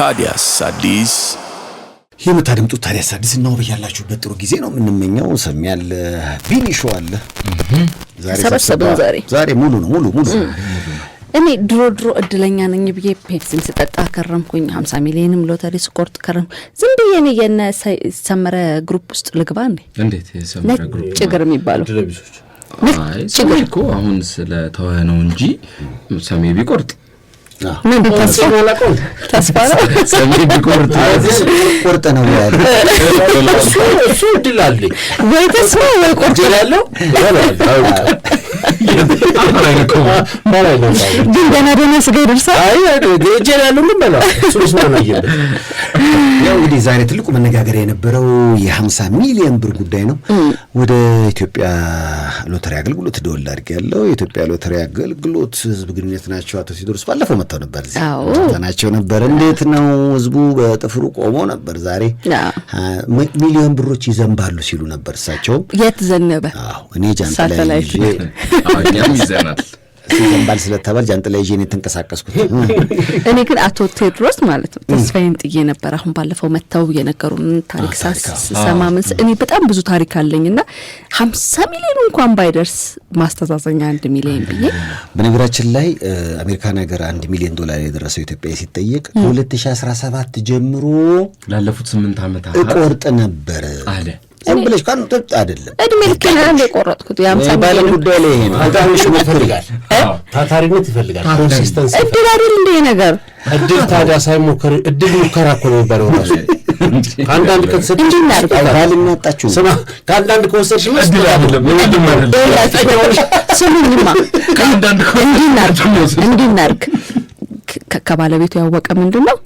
ታዲያስ አዲስ ይህ የምታደምጡት ታዲያስ አዲስ እና በያላችሁበት ጥሩ ጊዜ ነው የምንመኘው። ሰሚ ያለ ቢኒሾ አለ ዛሬ ሙሉ ነው ሙሉ ሙሉ እኔ ድሮ ድሮ እድለኛ ነኝ ብዬ ፔፕሲን ስጠጣ ከረምኩኝ። ሀምሳ ሚሊዮንም ሎተሪ ስቆርጥ ከረምኩ። ዝም ብዬ እኔ የነ ሰመረ ግሩፕ ውስጥ ልግባ እንዴ? እንዴት ጭግር የሚባለው ችግር እኮ አሁን ስለተወ ነው እንጂ ሰሜ ቢቆርጥ ቁርጥ ነው እሱ እድል አለኝ ወይ ተስፋ ወይ ቁርጥ ያለው ግን ገና ደህና ስጋ ይደርሳል። እጄ ያሉ ልንበለው ያው እንግዲህ ዛሬ ትልቁ መነጋገሪያ የነበረው የሀምሳ ሚሊዮን ብር ጉዳይ ነው። ወደ ኢትዮጵያ ሎተሪ አገልግሎት ደወል ያለው የኢትዮጵያ ሎተሪ አገልግሎት ህዝብ ግንኙነት ናቸው። አቶ ሲዶርስ ባለፈው መጥተው ነበር፣ ናቸው ነበር። እንዴት ነው ህዝቡ በጥፍሩ ቆሞ ነበር። ዛሬ ሚሊዮን ብሮች ይዘንባሉ ሲሉ ነበር እሳቸው። የት ዘነበ እኔ ጃንጥላ ይዘናል። ዘንባል ስለተባል ጃንጥላ ይዤ እኔ እኔ ግን አቶ ቴዎድሮስ ማለት ነው ተስፋዬን ጥዬ ነበር። አሁን ባለፈው መጥተው የነገሩን ታሪክ ስሰማ እኔ በጣም ብዙ ታሪክ አለኝ እና ሀምሳ ሚሊዮን እንኳን ባይደርስ ማስተዛዘኛ አንድ ሚሊዮን ብዬ በነገራችን ላይ አሜሪካን ሀገር አንድ ሚሊዮን ዶላር የደረሰው ኢትዮጵያ ሲጠየቅ ከሁለት ሺ አስራ ሰባት ጀምሮ ላለፉት ስምንት ዓመታት እቆርጥ ነበር አለ ዝም ብለሽ ካን ጥጥ አይደለም። እድሜ ልክ ነው የቆረጥኩት። ሳይ ባለ ጉዳይ ላይ ይሄ ነው። አንተ ታታሪነት ይፈልጋል። ታታሪነት ይፈልጋል። ኮንሲስተንስ እድል አይደል እንደ ነገር እድል ታዲያ ሳይሞከር እድል ሙከራ እኮ ነው የሚባለው ራሱ ከአንዳንድ ከተሰጥ ባልናጣችሁ ስማ፣ ከአንዳንድ ከወሰድሽ እድል አይደለም ስሙኝማ፣ ከአንዳንድ እንዲናርክ ከባለቤቱ ያወቀ ምንድን ነው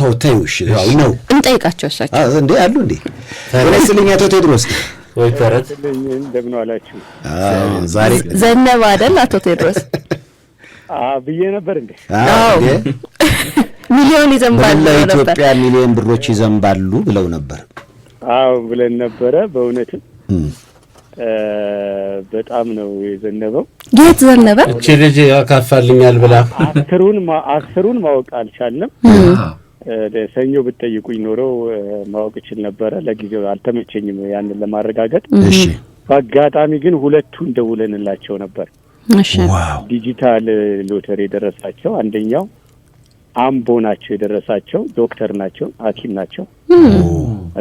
ተወታዩ እሺ፣ ያው ነው እንጠይቃቸው። እሳቸው እንዴ አሉ እንዴ ስለኛ አቶ ቴድሮስ ወይ ተረት እንደምን አላችሁ? ዛሬ ዘነበ አይደል አቶ ቴድሮስ? ብዬ ነበር እንዴ። አዎ ሚሊዮን ይዘንባሉ ነበር ኢትዮጵያ ሚሊዮን ብሮች ይዘንባሉ ብለው ነበር። አዎ ብለን ነበረ። በእውነትም በጣም ነው የዘነበው። የት ዘነበ? እቺ ልጅ ያካፋልኛል ብላ አስሩን አስሩን ማወቅ አልቻለም። ሰኞ ብትጠይቁኝ ኖሮ ማወቅ እችል ነበረ። ለጊዜው አልተመቸኝም ያንን ለማረጋገጥ። በአጋጣሚ ግን ሁለቱን ደውለንላቸው ነበር፣ ዲጂታል ሎተሪ የደረሳቸው አንደኛው አምቦ ናቸው የደረሳቸው ዶክተር ናቸው ሐኪም ናቸው።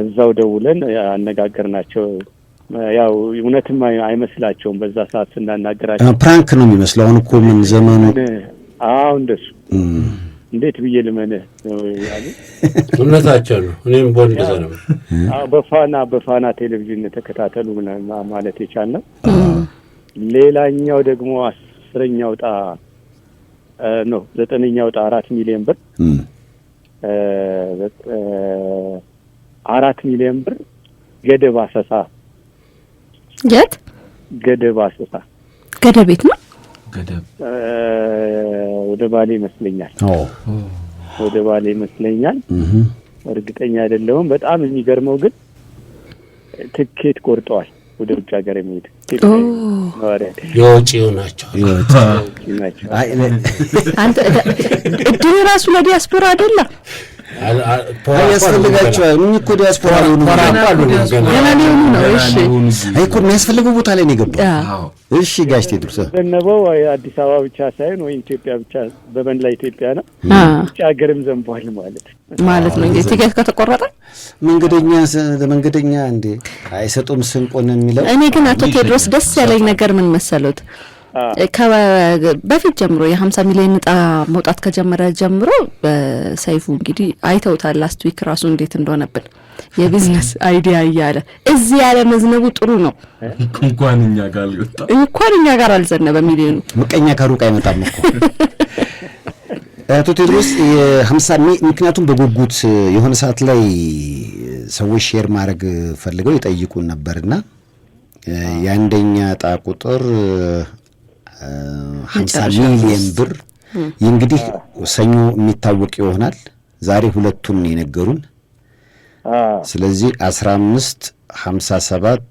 እዛው ደውለን ናቸው። ያው እውነትም አይመስላቸውም በዛ ሰዓት ስናናገራቸው ፕራንክ ነው የሚመስለው። አሁን እኮ ምን ዘመኑ አሁ እንደሱ እንዴት ብዬ ልመንህ ነው ያሉ። እውነታቸው ነው። እኔም ቦንድ ነው በፋና በፋና ቴሌቪዥን ተከታተሉ ማለት የቻል ነው። ሌላኛው ደግሞ አስረኛው ዕጣ ነው ዘጠነኛው ዕጣ አራት ሚሊዮን ብር አራት ሚሊዮን ብር ገደብ አሰሳ የት ገደብ አሰሳ ገደቤት ነው ገደብ ወደ ባሌ ይመስለኛል ወደ ባሌ ይመስለኛል። እርግጠኛ አይደለሁም። በጣም የሚገርመው ግን ትኬት ቆርጠዋል። ወደ ውጭ ሀገር የሚሄድ የወጪው ናቸው። ራሱ ለዲያስፖራ አይደለም። ያስፈልጋቸዋል። የሚያስፈልገው ቦታ ላይ ነው የገባው። እሺ ጋሽ ቴድሮስ ዘነበው አዲስ አበባ ብቻ ሳይሆን ወይ ኢትዮጵያ ብቻ በመላ ኢትዮጵያ ነው ብቻ ሀገርም ዘንቧል ማለት ማለት ነው። እንግዲህ ትኬት ከተቆረጠ መንገደኛ መንገደኛ እንዴ አይሰጡም ስንቁን የሚለው እኔ ግን አቶ ቴድሮስ ደስ ያለኝ ነገር ምን መሰሉት በፊት ጀምሮ የሀምሳ ሚሊዮን እጣ መውጣት ከጀመረ ጀምሮ በሰይፉ እንግዲህ አይተውታል። ላስት ዊክ ራሱ እንዴት እንደሆነብን የቢዝነስ አይዲያ እያለ እዚህ ያለ መዝነቡ ጥሩ ነው። እንኳን እኛ ጋር ሊወጣ እንኳን እኛ ጋር አልዘነበ። ሚሊዮኑ ምቀኛ ከሩቅ አይመጣም እኮ አቶ ቴድሮስ የሀምሳ ምክንያቱም በጉጉት የሆነ ሰዓት ላይ ሰዎች ሼር ማድረግ ፈልገው ይጠይቁን ነበርና የአንደኛ እጣ ቁጥር ሀምሳ ሚሊየን ብር ይህ እንግዲህ ሰኞ የሚታወቅ ይሆናል። ዛሬ ሁለቱን የነገሩን። ስለዚህ አስራ አምስት ሀምሳ ሰባት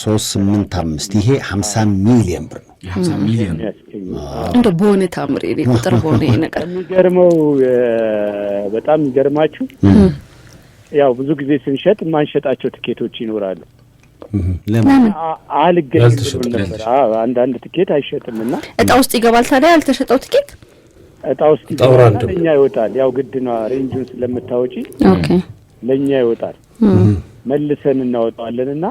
ሶስት ስምንት አምስት ይሄ ሀምሳ ሚሊየን ብር ነው። እንደ በሆነ ታምር ቁጥር በሆነ ነገር የሚገርመው በጣም ይገርማችሁ ያው ብዙ ጊዜ ስንሸጥ የማንሸጣቸው ትኬቶች ይኖራሉ ለምን አልገኝም አንዳንድ ትኬት አይሸጥም እና እጣ ውስጥ ይገባል። ታዲያ ያልተሸጠው ትኬት እጣ ውስጥ ይገባል፣ ለእኛ ይወጣል። ያው ግድ ነው፣ ሬንጁን ስለምታወጪ ለእኛ ይወጣል። መልሰን እናወጣዋለን እና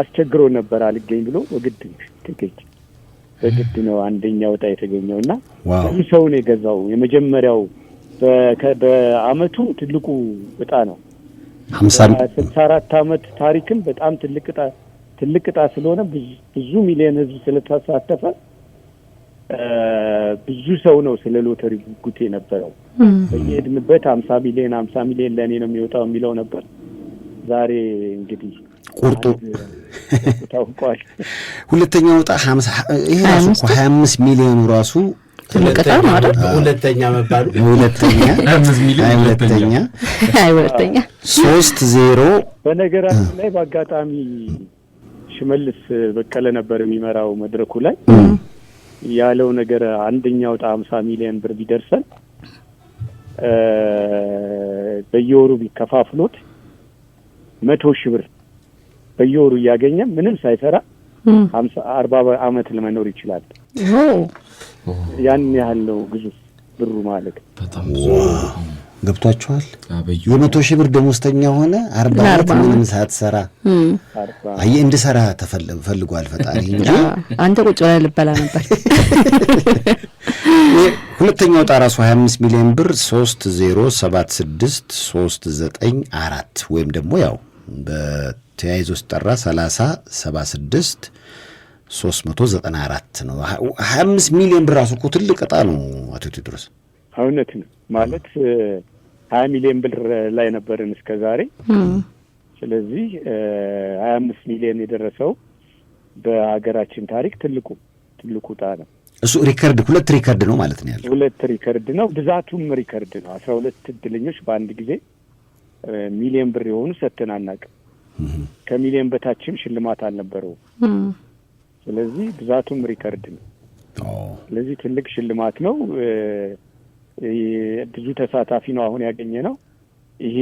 አስቸግሮ ነበር አልገኝ ብሎ በግድ ነው አንደኛ ወጣ የተገኘው እና ሰው ነው የገዛው። የመጀመሪያው በአመቱ ትልቁ እጣ ነው። ስልሳ አራት አመት ታሪክም በጣም ትልቅ ዕጣ ትልቅ ስለሆነ ብዙ ሚሊዮን ህዝብ ስለተሳተፈ ብዙ ሰው ነው ስለ ሎተሪ ጉጉት የነበረው። በየሄድንበት ሀምሳ ሚሊዮን ሀምሳ ሚሊዮን ለእኔ ነው የሚወጣው የሚለው ነበር። ዛሬ እንግዲህ ቁርጡ ታውቋል። ሁለተኛው ዕጣ ይሄ ራሱ ሀያ አምስት ሚሊዮኑ ራሱ ሁለተኛ መባሉ ሁለተኛ ሁለተኛ ሶስት ዜሮ። በነገራችን ላይ በአጋጣሚ ሽመልስ በቀለ ነበር የሚመራው መድረኩ ላይ ያለው ነገር አንደኛው ዕጣ ሀምሳ ሚሊዮን ብር ቢደርሰን በየወሩ ቢከፋፍሎት መቶ ሺህ ብር በየወሩ እያገኘ ምንም ሳይሰራ አርባ ዓመት ለመኖር ይችላል። ያን ያህል ነው ግዙፍ ብሩ ማለት በጣም ብዙ ገብቷችኋል። የመቶ ሺህ ብር ደሞዝተኛ ሆነ አርባ ዓመት ምንም ሳትሰራ አየ እንድሰራ ፈልጓል ፈጣሪ እንጂ አንተ ቁጭ ላይ ልበላ ነበር። ሁለተኛው ጣራ እሱ 25 ሚሊዮን ብር አራት ወይም ደግሞ ያው በተያይዞ ሲጠራ 3076 394 ነው። 25 ሚሊዮን ብር አስኮ ትልቅ ዕጣ ነው አቶ ቴዎድሮስ። እውነት ነው ማለት 20 ሚሊዮን ብር ላይ ነበርን እስከ ዛሬ። ስለዚህ 25 ሚሊዮን የደረሰው በሀገራችን ታሪክ ትልቁ ትልቁ ዕጣ ነው። እሱ ሪከርድ ሁለት ሪከርድ ነው ማለት ነው ያለው። ሁለት ሪከርድ ነው፣ ብዛቱም ሪከርድ ነው። አስራ ሁለት እድለኞች በአንድ ጊዜ ሚሊዮን ብር የሆኑ ሰጥተን ከሚሊዮን በታችም ሽልማት አልነበረው ስለዚህ ብዛቱም ሪከርድ ነው። ስለዚህ ትልቅ ሽልማት ነው። ብዙ ተሳታፊ ነው አሁን ያገኘ ነው። ይሄ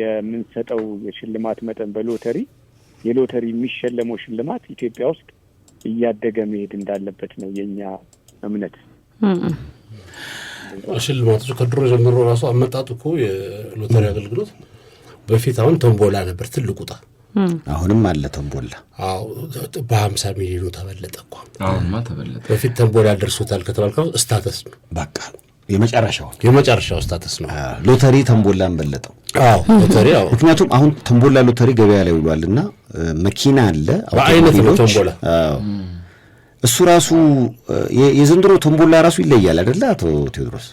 የምንሰጠው የሽልማት መጠን በሎተሪ የሎተሪ የሚሸለመው ሽልማት ኢትዮጵያ ውስጥ እያደገ መሄድ እንዳለበት ነው የእኛ እምነት። ሽልማቶች ከድሮ ጀምሮ ራሱ አመጣጡ እኮ የሎተሪ አገልግሎት በፊት አሁን ተንቦላ ነበር ትልቅ አሁንም አለ ተንቦላ በሀምሳ ሚሊዮኑ ተበለጠ እኮ በፊት ተንቦላ ደርሶታል ከተባልከው ስታተስ ነው በቃ የመጨረሻው የመጨረሻው ስታተስ ነው። ሎተሪ ተንቦላን በለጠው። አዎ ሎተሪ አዎ። ምክንያቱም አሁን ተንቦላ ሎተሪ ገበያ ላይ ውሏል ውሏልና መኪና አለ በአይነት ነው ተንቦላ። እሱ ራሱ የዘንድሮ ተንቦላ ራሱ ይለያል አይደለ አቶ ቴዎድሮስ?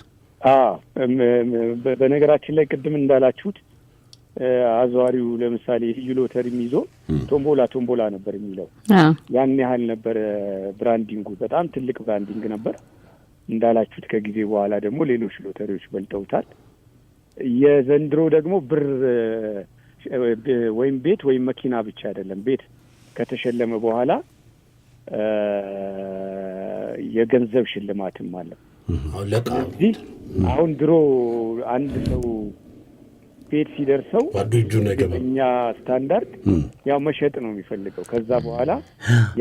በነገራችን ላይ ቅድም እንዳላችሁት አዘዋሪው ለምሳሌ ልዩ ሎተሪም ይዞ ቶምቦላ ቶምቦላ ነበር የሚለው። ያን ያህል ነበር ብራንዲንጉ፣ በጣም ትልቅ ብራንዲንግ ነበር። እንዳላችሁት ከጊዜ በኋላ ደግሞ ሌሎች ሎተሪዎች በልጠውታል። የዘንድሮ ደግሞ ብር ወይም ቤት ወይም መኪና ብቻ አይደለም። ቤት ከተሸለመ በኋላ የገንዘብ ሽልማትም አለ። ስለዚህ አሁን ድሮ አንድ ሰው ቤት ሲደርሰው እኛ ስታንዳርድ ያው መሸጥ ነው የሚፈልገው። ከዛ በኋላ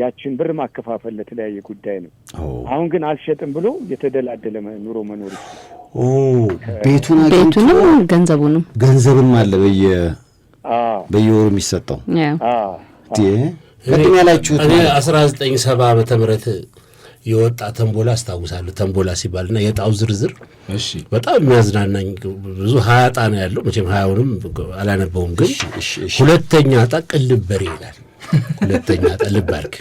ያችን ብር ማከፋፈል ለተለያየ ጉዳይ ነው። አሁን ግን አልሸጥም ብሎ የተደላደለ ኑሮ መኖር ቤቱን ቤቱንም ገንዘቡንም ገንዘብም አለ በየ በየወሩ የሚሰጠው ቅድም ያላችሁት እኔ አስራ ዘጠኝ ሰባ ዓመተ ምህረት የወጣ ተንቦላ አስታውሳለሁ። ተንቦላ ሲባልና የጣው ዝርዝር በጣም የሚያዝናናኝ ብዙ ሀያ ጣ ነው ያለው። መቼም ሀያውንም አላነበውም፣ ግን ሁለተኛ ዕጣ ቅልበሬ ይላል። ሁለተኛ ጣ ልባርክ፣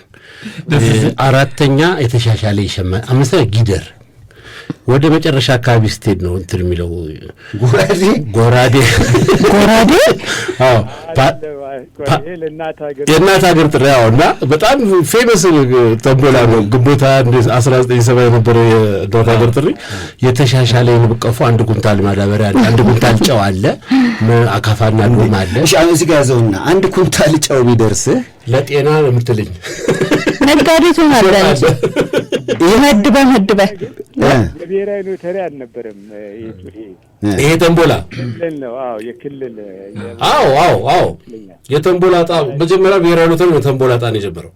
አራተኛ የተሻሻለ ይሸመ፣ አምስተኛ ጊደር። ወደ መጨረሻ አካባቢ ስትሄድ ነው እንትን የሚለው ጎራዴ ጎራዴ የእናት ሀገር ጥሪ ያው እና በጣም ፌመስ ተንቦላ ነው። ግንቦት አንድ አስራ ዘጠኝ ሰባ የነበረው የእናት ሀገር ጥሪ የተሻሻለ የንብ አንድ ኩንታል ማዳበሪያ አለ፣ አንድ ኩንታል ጨው አለ፣ አካፋና ሉም አለ። እዚህ ጋ ያዘውና አንድ ኩንታል ጨው ቢደርስህ ለጤና ነው የምትልኝ ነጋዴ ትሆናለህ። ይመድበህ መድበህ የብሔራዊ ሎተሪ አልነበረም ይሄ ተንቦላ አዎ አዎ አዎ የተንቦላ ጣ መጀመሪያ ብሔራዊ ሎተሪ ነው ተንቦላ የጀመረው።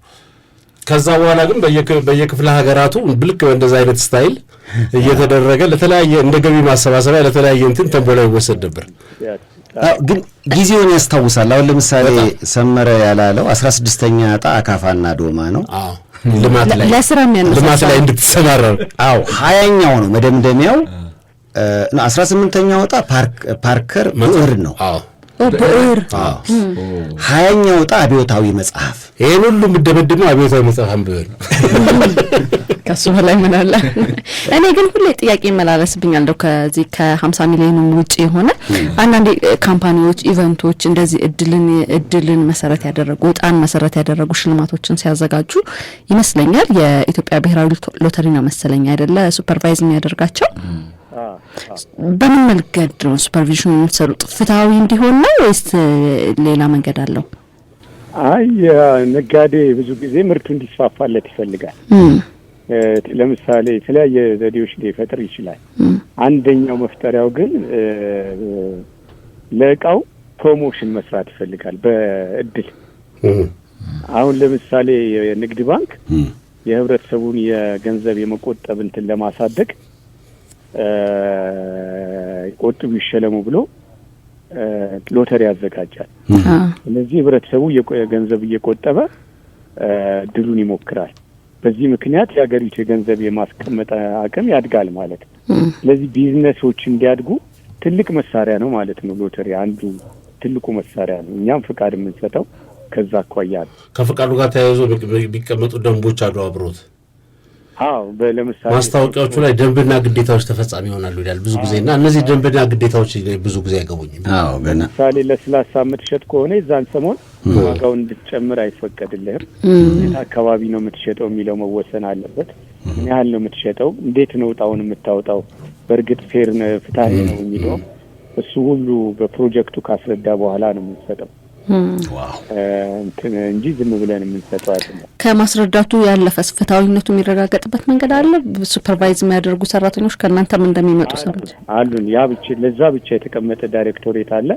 ከዛ በኋላ ግን በየክፍለ ሀገራቱ ብልክ እንደዛ አይነት ስታይል እየተደረገ ለተለያየ እንደ ገቢ ማሰባሰቢያ ለተለያየ እንትን ተንቦላ ይወሰድ ነበር። ግን ጊዜውን ያስታውሳል። አሁን ለምሳሌ ሰመረ ያላለው አስራ ስድስተኛ ጣ አካፋና ዶማ ነው ልማት ላይ እንድትሰማራ። አዎ ሀያኛው ነው መደምደሚያው አስራ ስምንተኛ ወጣ ፓርከር ብዕር ነው። ብዕር ሀያኛ ወጣ አብዮታዊ መጽሐፍ። ይህን ሁሉ የምደመድመው አብዮታዊ መጽሐፍ ነው። ከሱ በላይ ምን አለ? እኔ ግን ሁሌ ጥያቄ ይመላለስብኛል። እንደው ከዚህ ከሀምሳ ሚሊዮን ውጭ የሆነ አንዳንዴ ካምፓኒዎች ኢቨንቶች እንደዚህ እድልን እድልን መሰረት ያደረጉ እጣን መሰረት ያደረጉ ሽልማቶችን ሲያዘጋጁ ይመስለኛል የኢትዮጵያ ብሔራዊ ሎተሪ ነው መሰለኝ አይደለ ሱፐርቫይዝ የሚያደርጋቸው በምን መልገድ ነው ሱፐርቪዥኑ የምትሰሩት? ፍትሐዊ እንዲሆን ነው ወይስ ሌላ መንገድ አለው? አይ ነጋዴ ብዙ ጊዜ ምርቱ እንዲስፋፋለት ይፈልጋል። ለምሳሌ የተለያየ ዘዴዎች ሊፈጥር ይችላል። አንደኛው መፍጠሪያው ግን ለእቃው ፕሮሞሽን መስራት ይፈልጋል በእድል አሁን ለምሳሌ የንግድ ባንክ የህብረተሰቡን የገንዘብ የመቆጠብ እንትን ለማሳደግ ቆጥቡ ይሸለሙ ብሎ ሎተሪ ያዘጋጃል። ስለዚህ ህብረተሰቡ ገንዘብ እየቆጠበ ድሉን ይሞክራል። በዚህ ምክንያት የሀገሪቱ የገንዘብ የማስቀመጥ አቅም ያድጋል ማለት ነው። ስለዚህ ቢዝነሶች እንዲያድጉ ትልቅ መሳሪያ ነው ማለት ነው። ሎተሪ አንዱ ትልቁ መሳሪያ ነው። እኛም ፍቃድ የምንሰጠው ከዛ አኳያ ነው። ከፍቃዱ ጋር ተያይዞ የሚቀመጡ ደንቦች አሉ አብሮት ማስታወቂያዎቹ ላይ ደንብና ግዴታዎች ተፈጻሚ ይሆናሉ ይላል ብዙ ጊዜ እና እነዚህ ደንብና ግዴታዎች ብዙ ጊዜ አይገቡኝም። ለምሳሌ ለስላሳ የምትሸጥ ከሆነ የዛን ሰሞን ዋጋው እንድትጨምር አይፈቀድልህም። የት አካባቢ ነው የምትሸጠው የሚለው መወሰን አለበት። ምን ያህል ነው የምትሸጠው? እንዴት ነው እጣውን የምታወጣው? በእርግጥ ፌር ፍትሀ ነው የሚለው እሱ ሁሉ በፕሮጀክቱ ካስረዳ በኋላ ነው የምንሰጠው። እንጂ ዝም ብለን የምንሰጠው አይደለም። ከማስረዳቱ ያለፈ ፍትሐዊነቱ የሚረጋገጥበት መንገድ አለ። ሱፐርቫይዝ የሚያደርጉ ሰራተኞች ከእናንተም እንደሚመጡ ሰዎች አሉን። ያ ብቻ ለዛ ብቻ የተቀመጠ ዳይሬክቶሬት አለ።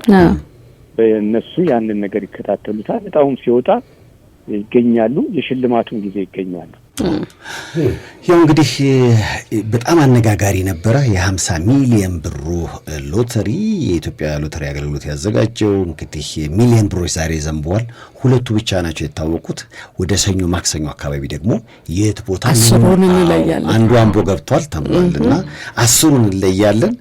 እነሱ ያንን ነገር ይከታተሉታል። እጣውም ሲወጣ ይገኛሉ። የሽልማቱን ጊዜ ይገኛሉ። ያው እንግዲህ በጣም አነጋጋሪ ነበረ። የ50 ሚሊየን ብሩ ሎተሪ የኢትዮጵያ ሎተሪ አገልግሎት ያዘጋጀው እንግዲህ ሚሊየን ብሮች ዛሬ ዘንበዋል። ሁለቱ ብቻ ናቸው የታወቁት። ወደ ሰኞ ማክሰኞ አካባቢ ደግሞ የት ቦታ አንዱ አምቦ ገብቷል ተብሏል እና አስሩን እንለያለን።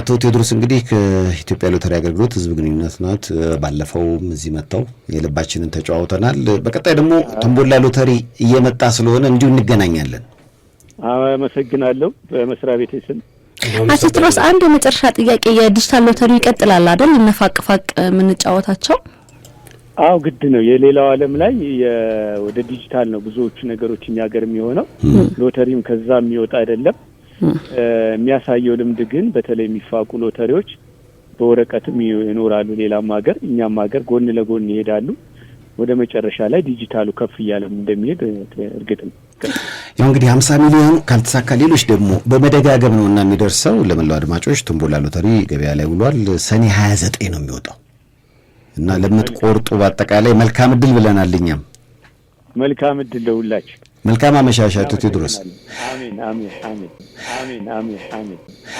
አቶ ቴዎድሮስ እንግዲህ ከኢትዮጵያ ሎተሪ አገልግሎት ህዝብ ግንኙነት ናት። ባለፈውም እዚህ መጥተው የልባችንን ተጨዋውተናል። በቀጣይ ደግሞ ተንቦላ ሎተሪ እየመጣ ስለሆነ እንዲሁ እንገናኛለን። አመሰግናለሁ። በመስሪያ ቤቴ ስም አቶ ቴዎድሮስ አንድ የመጨረሻ ጥያቄ፣ የዲጂታል ሎተሪ ይቀጥላል አይደል? እነፋቅፋቅ የምንጫወታቸው አው ግድ ነው። የሌላው ዓለም ላይ ወደ ዲጂታል ነው ብዙዎቹ ነገሮች እኛ ሀገር የሚሆነው ሎተሪም ከዛ የሚወጣ አይደለም። የሚያሳየው ልምድ ግን በተለይ የሚፋቁ ሎተሪዎች በወረቀትም ይኖራሉ፣ ሌላም ሀገር እኛም ሀገር ጎን ለጎን ይሄዳሉ። ወደ መጨረሻ ላይ ዲጂታሉ ከፍ እያለም እንደሚሄድ እርግጥ ነው። ያው እንግዲህ ሀምሳ ሚሊዮን ካልተሳካ ሌሎች ደግሞ በመደጋገም ነው እና የሚደርሰው። ለመላው አድማጮች ቱምቦላ ሎተሪ ገበያ ላይ ውሏል። ሰኔ 29 ነው የሚወጣው እና ለምትቆርጡ በአጠቃላይ መልካም እድል ብለናል። እኛም መልካም እድል ለሁላችሁ። መልካም አመሻሻ አሜን አሜን አሜን አሜን አሜን አሜን።